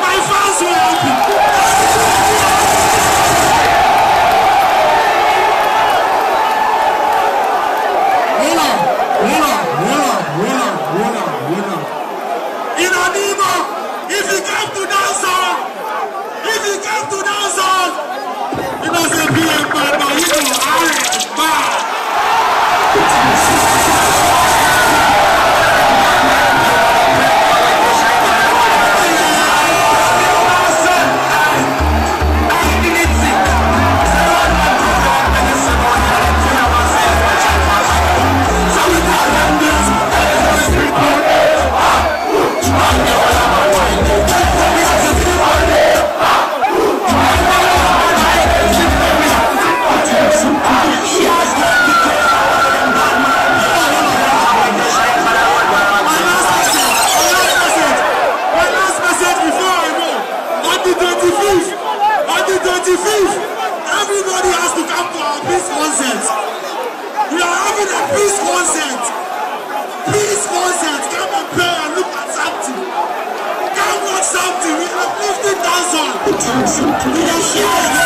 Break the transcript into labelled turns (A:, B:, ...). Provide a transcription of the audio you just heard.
A: My fans will help you. Winner, winner, winner, winner, winner, winner. In Adimo, if you come to that. peace. Everybody has to come to our peace concert. We are having a peace concert. Peace concert. Come and pray and look at something. Come watch something. We have uplifting dancehall. We are sharing.